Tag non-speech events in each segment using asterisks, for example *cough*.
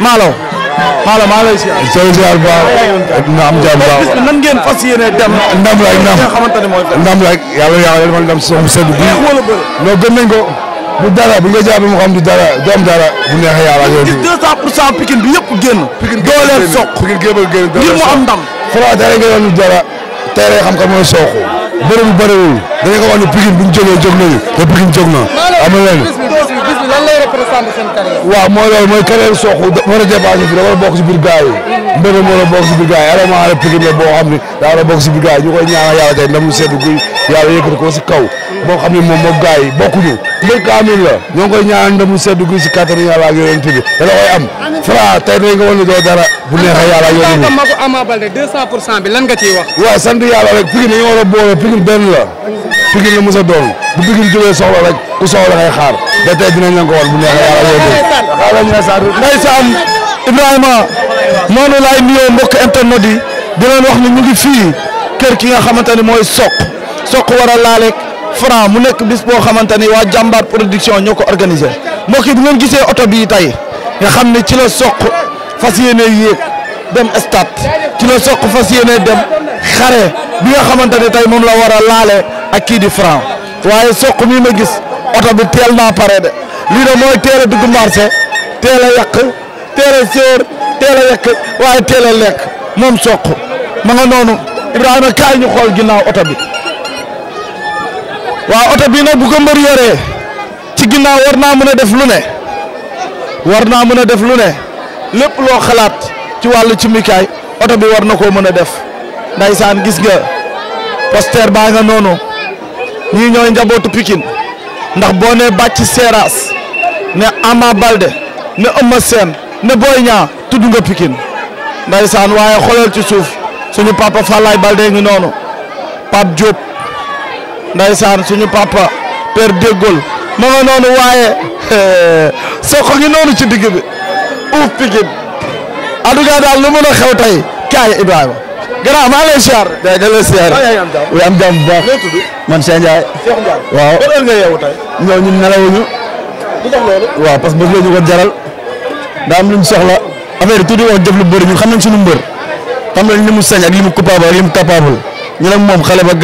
Malaw. Malaw maa lay ziar. sooy ziar bu baax. na am jàmm bu baax. nan ngeen fas yéene dem. ndam rek ndam nga xamante ne mooy. ndam rek yàlla yàlla man dem soxna Seydou. neex wala bëri. non gën nañ ko. bu dara bu nga jàppee mu xam du dara du am dara. bu neexee yàlla ak yow. gis 200 pour cent Pikine bi yëpp génn. Pikine génn dooleel soq. Pikine génn génn dooleel soq ngir mu am ndam. Fra tere nga yoon dara. tere xam ka mooy soq. bëri bu bëriwul. dañu ko wax ne Pikine bu ñu jógee jóg nañu. te Pikine jóg na. amul lenn représenter seen carrière. waaw mooy loolu mooy carrière soq war a dépassé fii dafa bokk si biir gars yi. mbir mi war a bokk si biir gars yi vraiment a mu sedd guy yàlla yëkkati ko si kaw. boo xam ne moom moog gars bokkuñu. mbir kaamil la ñoo ngi koy ñaanal mu sedd guy si kattan yàlla ak yeneen bi da la am. Fra tey dañ ko bu neexee yàlla ak yeneen bi. Ama Baldé 200 pour cent bi lan nga ciy a boole benn la Pikine la mos a doon bu Pikine jógee soxla rek ku soxla ngay xaar ba tey dinañ leen ko war bu neexee yàlla yóbbu xaaral ñu ne Ibrahima noonu laay nuyoo mbokk internet yi di leen wax ni ñu ngi fii kër ki nga xamante ni mooy soq Sokh war a laaleeg Franc mu nekk bis boo xamante ni waa jàmbaar production ñoo ko organisé mbokk yi gisee oto bii tey nga xam ne ci la Sokh fas yéene yéeg. dem stade ci la soq fas yéene dem xare bi nga xamante ne tey moom la war a laale ak kii di franc waaye soq mi ma gis oto bi teel naa pare de lii de mooy teel a dugg marché teel a yàq teel a séer teel a yàq waaye teel a lekk moom soq ma nga noonu Ibrahima kaay ñu xool ginnaaw oto bi waaw oto bi bu ko mbër yoree ci ginnaaw war naa mën a def lu ne war naa mën a def lu ne lépp loo xalaat. ci wàllu ci mikaay oto bi war na koo mën a def ndaysaan gis nga poster baa nga noonu ñii ñooy njabootu Pikine ndax boo ne bàcc seeraas ne Ama Balde ne Eumeu Sène ne Boy Niang tudd nga Pikine ndaysaan waaye xoolal ci suuf suñu papa Fallaye Balde ngi noonu Pape Diop ndaysaan suñu papa Père Dégol ma nga noonu waaye *laughs* soo ko ngi noonu ci digg bi uuf Pikine en daal lu mën a xew tey kaay Ibrahima. gannaaw maa ngi lay siyaar. tey am jàmm baax. man Cheikh Ndiaye. Cheikh Ndiaye waaw. ban heure nga yeewu tey. que bés la ñu ko jaral. daa lu ñu soxla. affaire yi tuuti wax jëf lu bëri ñun xam nañ suñu mbër. xam nañ li mu sañ ak mu coupable ak mu capable ñu ne moom xale ba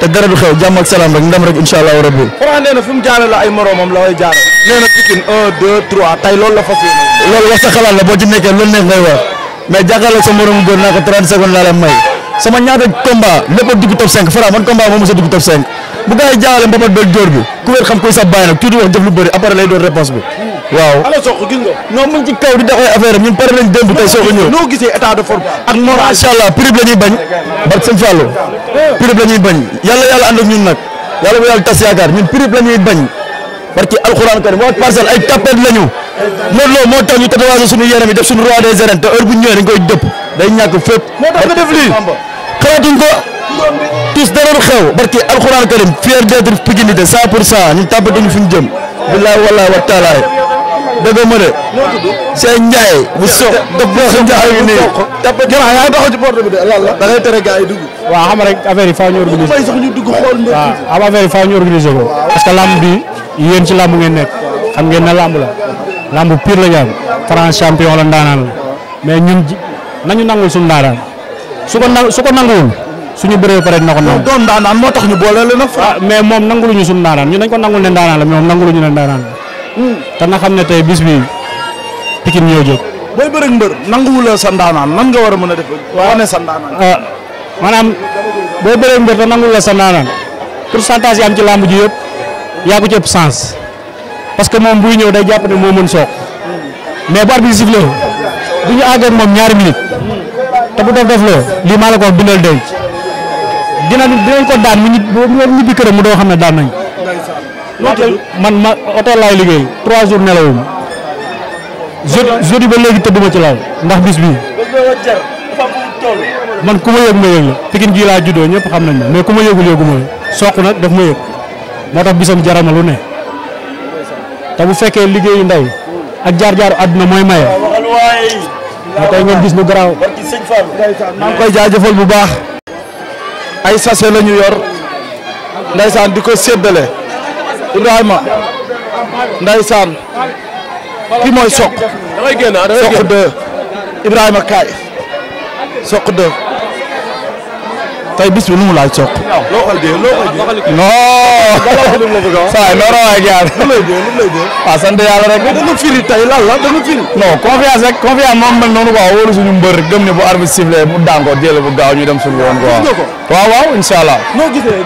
te dara du xew jàmm ak salaam rek ndam rek incha allahu rabbi. Franc nee na mu jaare la ay moromam la way jaare. nee na un deux trois tey loolu la fas yéene. loolu wax sa la boo ci nekkee loolu neex ngay wax mais jàkkaarloog sa moromu góor naa ko 30 ñaata combat lépp a dugg top 5 Franc man combat moom mos a dugg top 5 bu gars yi jaawale mbapat dool jóor bi ku wér xam koy sa bàyyi nag tuuti wax jëf lu bëri après lay doon réponse waaw ala soq gis nga. non mu ngi ci di doxee affaire am pare nañ démb tey soog a ñëw. noo gisee état de forme ak moral. macha bañ. barke sëñ Fallou. prix la ñuy bañ. yàlla yàlla ànd ñun nag. yàlla bu yàlla tas yaakaar ñun prix la bañ. parce que alxuraan karim waa parcelle ay tapet la ñu. loolu moo tax ñu tatouage suñu yaram yi def suñu roi des arènes te heure bu ñu ñëwee dañ koy dëpp. day ñàkk fépp. moo tax nga def ko. tous dara lu xew. parce que alxuraan karim fier d'être piginité 100 pour 100 ñu jëm. billahi wallahi dëgg ma de. Cheikh Ndiaye. bu soq dëpp Cheikh Ndiaye bu soq. de yàlla. da ngay tere gars yi dugg. waaw xam rek affaire yi faaw ñu organiser ko. may sax ko. parce que lamb bi yéen ci lamb ngeen nekk. xam ngeen ne lamb la. lamb pire la ñu France champion la ndaanaan la. mais ñun nangu su ko nanguwul. na ko ndaanaan ñu boole la nag. Ah, mais moom nanguluñu suñu ndaanaan ñun dañ ko nangul ne ndaanaan la mais moom nanguluñu ne ndaanaan te na xam ne tey bis bi Pikine ñoo jóg. booy bëreeg mbër nanguwula sa ndaanaan nan nga war a mën a def. waaw wane sa ndaanaan. Ah, mbër te nanguwula sa ndaanaan pourcentage yi am ci làmb ji yëpp yaa ko ci ëpp parce que moom buy ñëw day jàpp ne moo mën soog mais bu arbitre sifflé du ñu àgg moom ñaari minutes te bu def def loo lii maa la ko wax bindal denc dina dinañ ko daan mu ñibbi këram mu doo xam ne daan nañ. man ma hôtel laay liggéey trois jours nelawum jeudi ba léegi tëdduma ci laal ndax bis bi man ku ma yëg ma la laa juddoo ñëpp xam nañ mais ku ma yëgul yëgu ma la soq na daf ma yëg moo tax bisam jarama lu ne te bu fekkee liggéeyu ndey ak jaar jaar àdduna mooy maye moo koy ngeen gis lu garaaw maa ngi koy jaajëfal bu baax ay sachet la ñu yor ndaysaan di ko séddale Ibrahima Ndeysaan kii mooy Sokh. da ngay génn ah, da ngay génn Ibrahima Kaay Sokh 2 tey bis nu mu laaj Sokh. loo xool dee loo xool dee. non. saa rek. mais confiance confiance moom mel noonu quoi wóolu suñu mbër gëm ne bu arbitre sifflé mu daan ko bu gaaw ñu dem suñu yoon quoi. waaw waaw incha allah.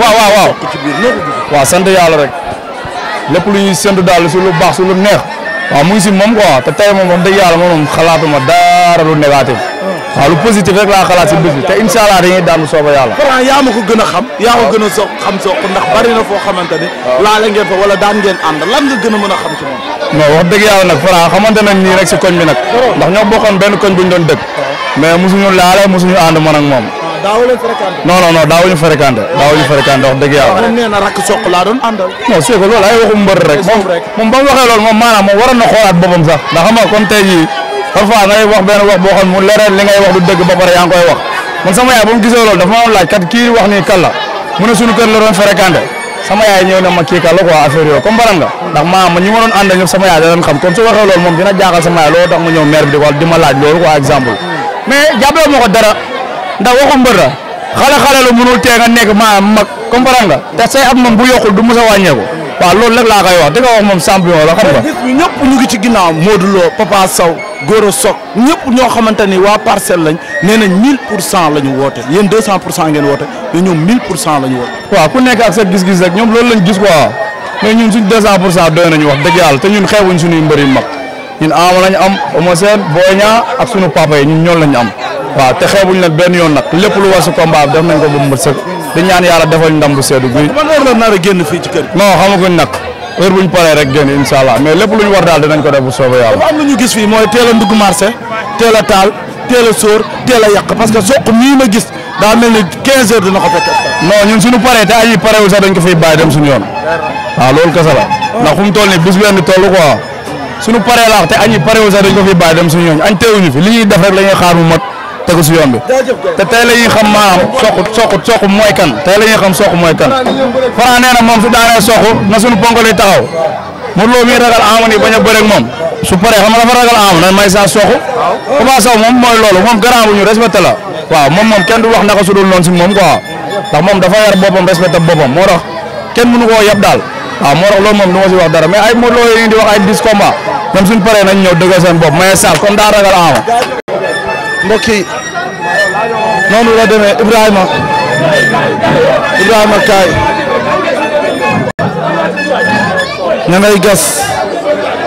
waaw waaw waaw. waaw sant yàlla rek. lépp lu ñuy séntu daal su lu baax su lu neex waaw mu ngi si moom quoi te tey moom wax dëgg yàlla moom xalaatuma dara lu négatif waaw lu positif rek laa xalaat si bés bi te incha allah dañuy daan sooba yàlla Franc yaa ma ko gën a xam yaa ma gën a so xam so ndax bari na foo xamante ni laale ngeen fa wala daan ngeen ànd lan nga gën a mën a xam ci moom non wax dëgg yàlla nag Franc xamante nañ nii rek si koñ bi nag ndax ñoo bokkoon benn koñ bu ñu doon dëkk mais mosuñu laale mosuñu ànd man ak moom daawu leen fréquenté. non non non daawuñu fréquenté daawuñu fréquenté wax dëgg yàlla. moom nee na rakk soq laa doon àndal. non c'est que loolu ay waxu mbër rek. moom moom ba mu waxee loolu moom maanaam moom waroon na xoolaat boppam sax. ndax xam nga comme tey jii parfois ngay wax benn wax boo xam mu leeral li ngay wax du dëgg ba pare yaa ngi koy wax man sama yaay ba mu gisee loolu dafa ma laaj kat kii wax nii kan la mu ne suñu kër la doon fréquenté sama yaay ñëw na ma kii kan la quoi affaire yooyu comprendre nga. ndax maanaam ñi ma doon àndal ñëpp sama yaay da doon xam comme su waxee loolu moom dina jaaxal sama yaay loolu tax ma ñëw maire bi di ko di ma laaj loolu quoi exemple mm. mais jàppee ma ko dara ndax waxu mbër la xale-xale lu mënul tee nga nekk maa mag comprendre nga te say at moom bu yokkul du mos a wàññeeku waaw loolu nag laa koy wax di ko wax moom champion la xam nga. ñëpp ñu ngi ci ginnaaw Modou Lo Papa Sow Goro Sock ñëpp ñoo xamante ni waa parcelle lañ nee na 1000 pour cent la ñu woote yéen 200 pour cent ngeen woote mais ñoom 1000 pour cent la ñu woote. waaw ku nekk ak sa gis-gis rek ñoom loolu lañ gis quoi mais ñun suñ 200 pour cent doy nañu wax dëgg yàlla te ñun xeebuñ suñuy mbër yu mag ñun am am Eumeu Sène Boy Niang ak suñu papa yi ñun ñoom lañ am. waaw te xeebuñ nag benn yoon nag lépp lu war si combat ko ba mu di ñaan yàlla defal ndam bu seddu guy. man heure la nar a kër gi. non paree rek génn incha allah mais lépp war daal dinañ ko def bu soobee yàlla. am na ñu gis fii mooy teel a ndugg marché teel a taal teel a sóor teel a yàq parce que soq mii ma gis daa mel ni 15 heures dina ko fekk. non ñun suñu paree te añuy paree laax te añuy parewul ko fiy bàyyi dem suñu yoon añ teewuñu tegu si yoon bi te tey la ñuy xam maanaam soq soq soq mooy kan tey la ñuy xam soq mooy kan Franc nee na moom su daanee soq na suñu ponkal yi taxaw Modou Lo mi ragal amoon yi bañ a bëreeg moom su paree xam nga dafa ragal amoon na may saa soq Papa Sow moom mooy loolu moom garant bu ñu respecté la waaw moom moom kenn du wax naka su dul noonu si moom quoi ndax moom dafa yar boppam respecté boppam moo tax kenn mënu koo yab daal waaw moo tax loolu moom du ma si wax dara mais ay mbokk yi noonu la demee Ibrahima Ibrahima kaay ña gas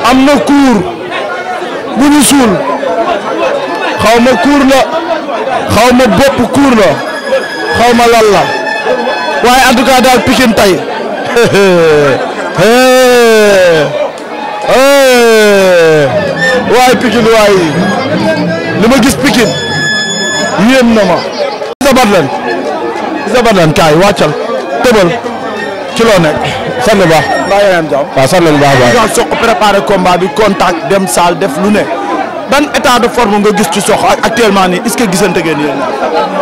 am na kuur bu ñu suul xaw kuur la xaw ma bopp kuur la xaw ma lan la waaye en tout cas daal Pikine tey *laughs* waaye Pikine waaye. li ma gis Pikine yéem na ma. Isa Badlan Isa Badlan kaay wàccal tëbal ci loo nekk. sant bu a am jàmm. waaw sant bu baax waay. nga soq préparé bi contact dem saal def lu ne. ban état de forme nga gis ci sox actuellement nii est-ce que gisante ngeen yéen.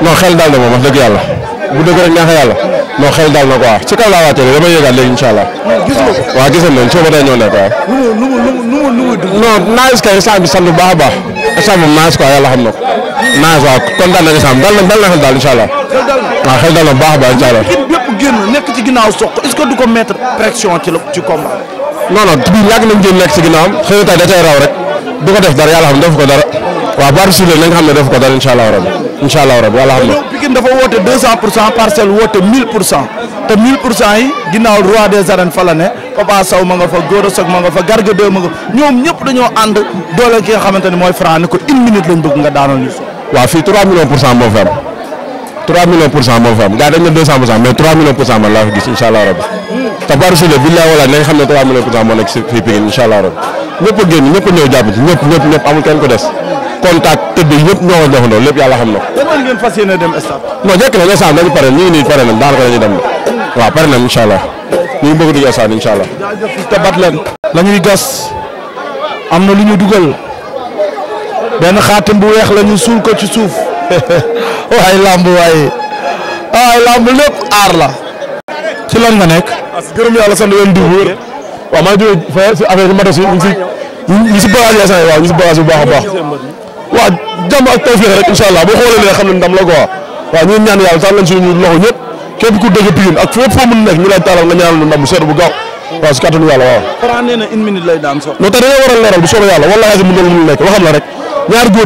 non xel daal na moom wax yàlla. bu dëgg rek neexee yàlla. non xel daal na ci kaw laa waatee dama yëgaat léegi incha allah. gis nga ko waaw gis nañ leen soo ko day ñëw nekk waaw. nu mu naa est que instant bi instant moom naaj quoi yàlla xam na ko naaj waaw kontaan nañu instant dal na dal na xel daal incha allah waaw xel dal na baax a baax incha allah. équipe bépp ko dara yàlla xam def ko xam ne dara incha allah rabbi incha allah rabbi yàlla xam na. Pikine dafa woote pour cent parcelle woote te pour cent yi ginnaaw roi des arènes fa ne. Papa Sow ma nga fa Gora Sock ma nga fa Garga ma nga fa ñoom ñëpp dañoo ànd doole ki nga xamante ne mooy Franc ni ko une minute lañ bëgg nga daanal ñu so waaw fii 3 millions pour cent moo fa am 3 dañ xam ne 3 millions pour cent moo nekk fii Pikine incha allah rabbi ñëpp a génn ñëpp ñëw jàpp ci ñëpp ñëpp amul kenn ko des contact tëdd ñëpp ñoo ko joxandoo lépp yàlla xam na ko. lan ngeen pare ñu nii pare nañ daanaka dañuy dem waaw pare nañ incha allah ñu ngi bëgg di gasaan incha allah. te bat leen. la ñuy gas am na lu ñu dugal benn xaatim bu weex la ñu suul ko ci suuf *laughs* waaye làmb waaye waaye làmb lépp aar la. ci lan nga nekk. as gërëm yàlla sant leen di wër. waaw maa ngi jógee fa si affaire bi ma def si ñu si ñu si bagage yi waaw ñu si bagage bu baax a baax. waaw jàmm ak tawfeex rek incha allah boo xoolee ne xam ne ndam la quoi waaw ñu ñaan yàlla sax leen suñu loxo képp ku dëgg Pikine ak fépp foo mën nekk ñu lay taalal nga ñaanal ñu ndam bu sedd bu gaaw waaw si kàttanu yàlla waaw. Franc nee a nekk waxam la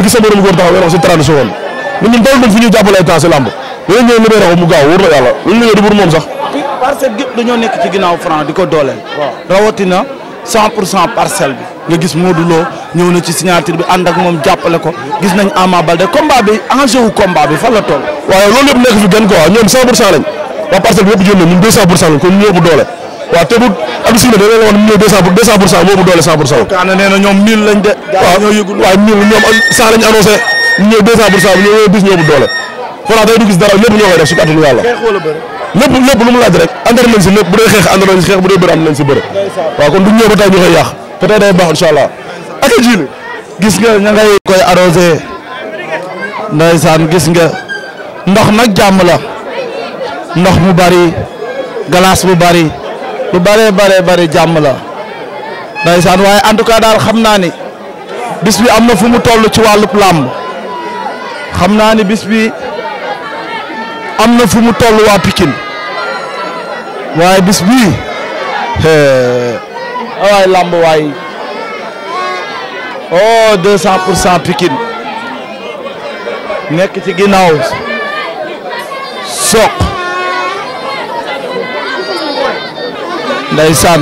gi sa borom góor si 30 secondes ñun ñun toll nañ fi ñuy jàppale ko gi waaw rawatina na ci signature bi ànd ak moom jàppale ko gis nañ Ama Baldé combat bi enjeu wu bi fan la toll. waaw loolu yëpp nekk fi gën quoi ñoom 100 pour waa parcelle bi yëpp jël na ñun 200 pour cent la comme ñëpp doole waaw te bu am si ne da ngay wax ñun 200 pour 200 pour cent moo doole 100 pour cent. Kaana nee na ñoom 1000 lañ de. waaw ñoo yëgul waaw 1000 ñoom 100 lañ annoncé ñëw 200 pour cent bi ñëw bis ñëw bu doole. Franc day du gis dara lépp ñoo koy def si kàttanu yàlla. lépp lépp lu mu laaj rek àndal nañ si lépp bu dee xeex àndal nañ si xeex bu dee bëri am nañ si bëri. waaw kon du ñëw ba tey ñu koy yàq te tey day baax incha allah. ak jiili gis nga ña ngay koy arrosé ndeysaan gis nga ndox nag jàmm la ndox mu bari glace bu bari lu baree baree bari jàmm la ndeysaan waaye en tout cas daal xam naa ni bis am na fu mu toll ci wàllub làmb xam naa ni bis bi am na fu mu toll waa Pikine waaye bis bii waay làmb waay oh deux cent pour cent Pikine nekk ci ginnaaw soq ndeysaan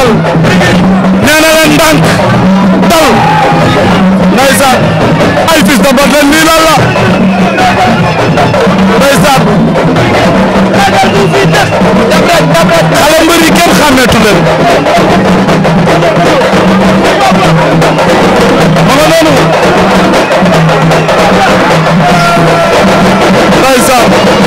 dal nee na leen ndànk ay fils de Balla nii lan la ndeysaan xale mbër yi kenn xàmmeetu leen ma nga noonu ndeysaan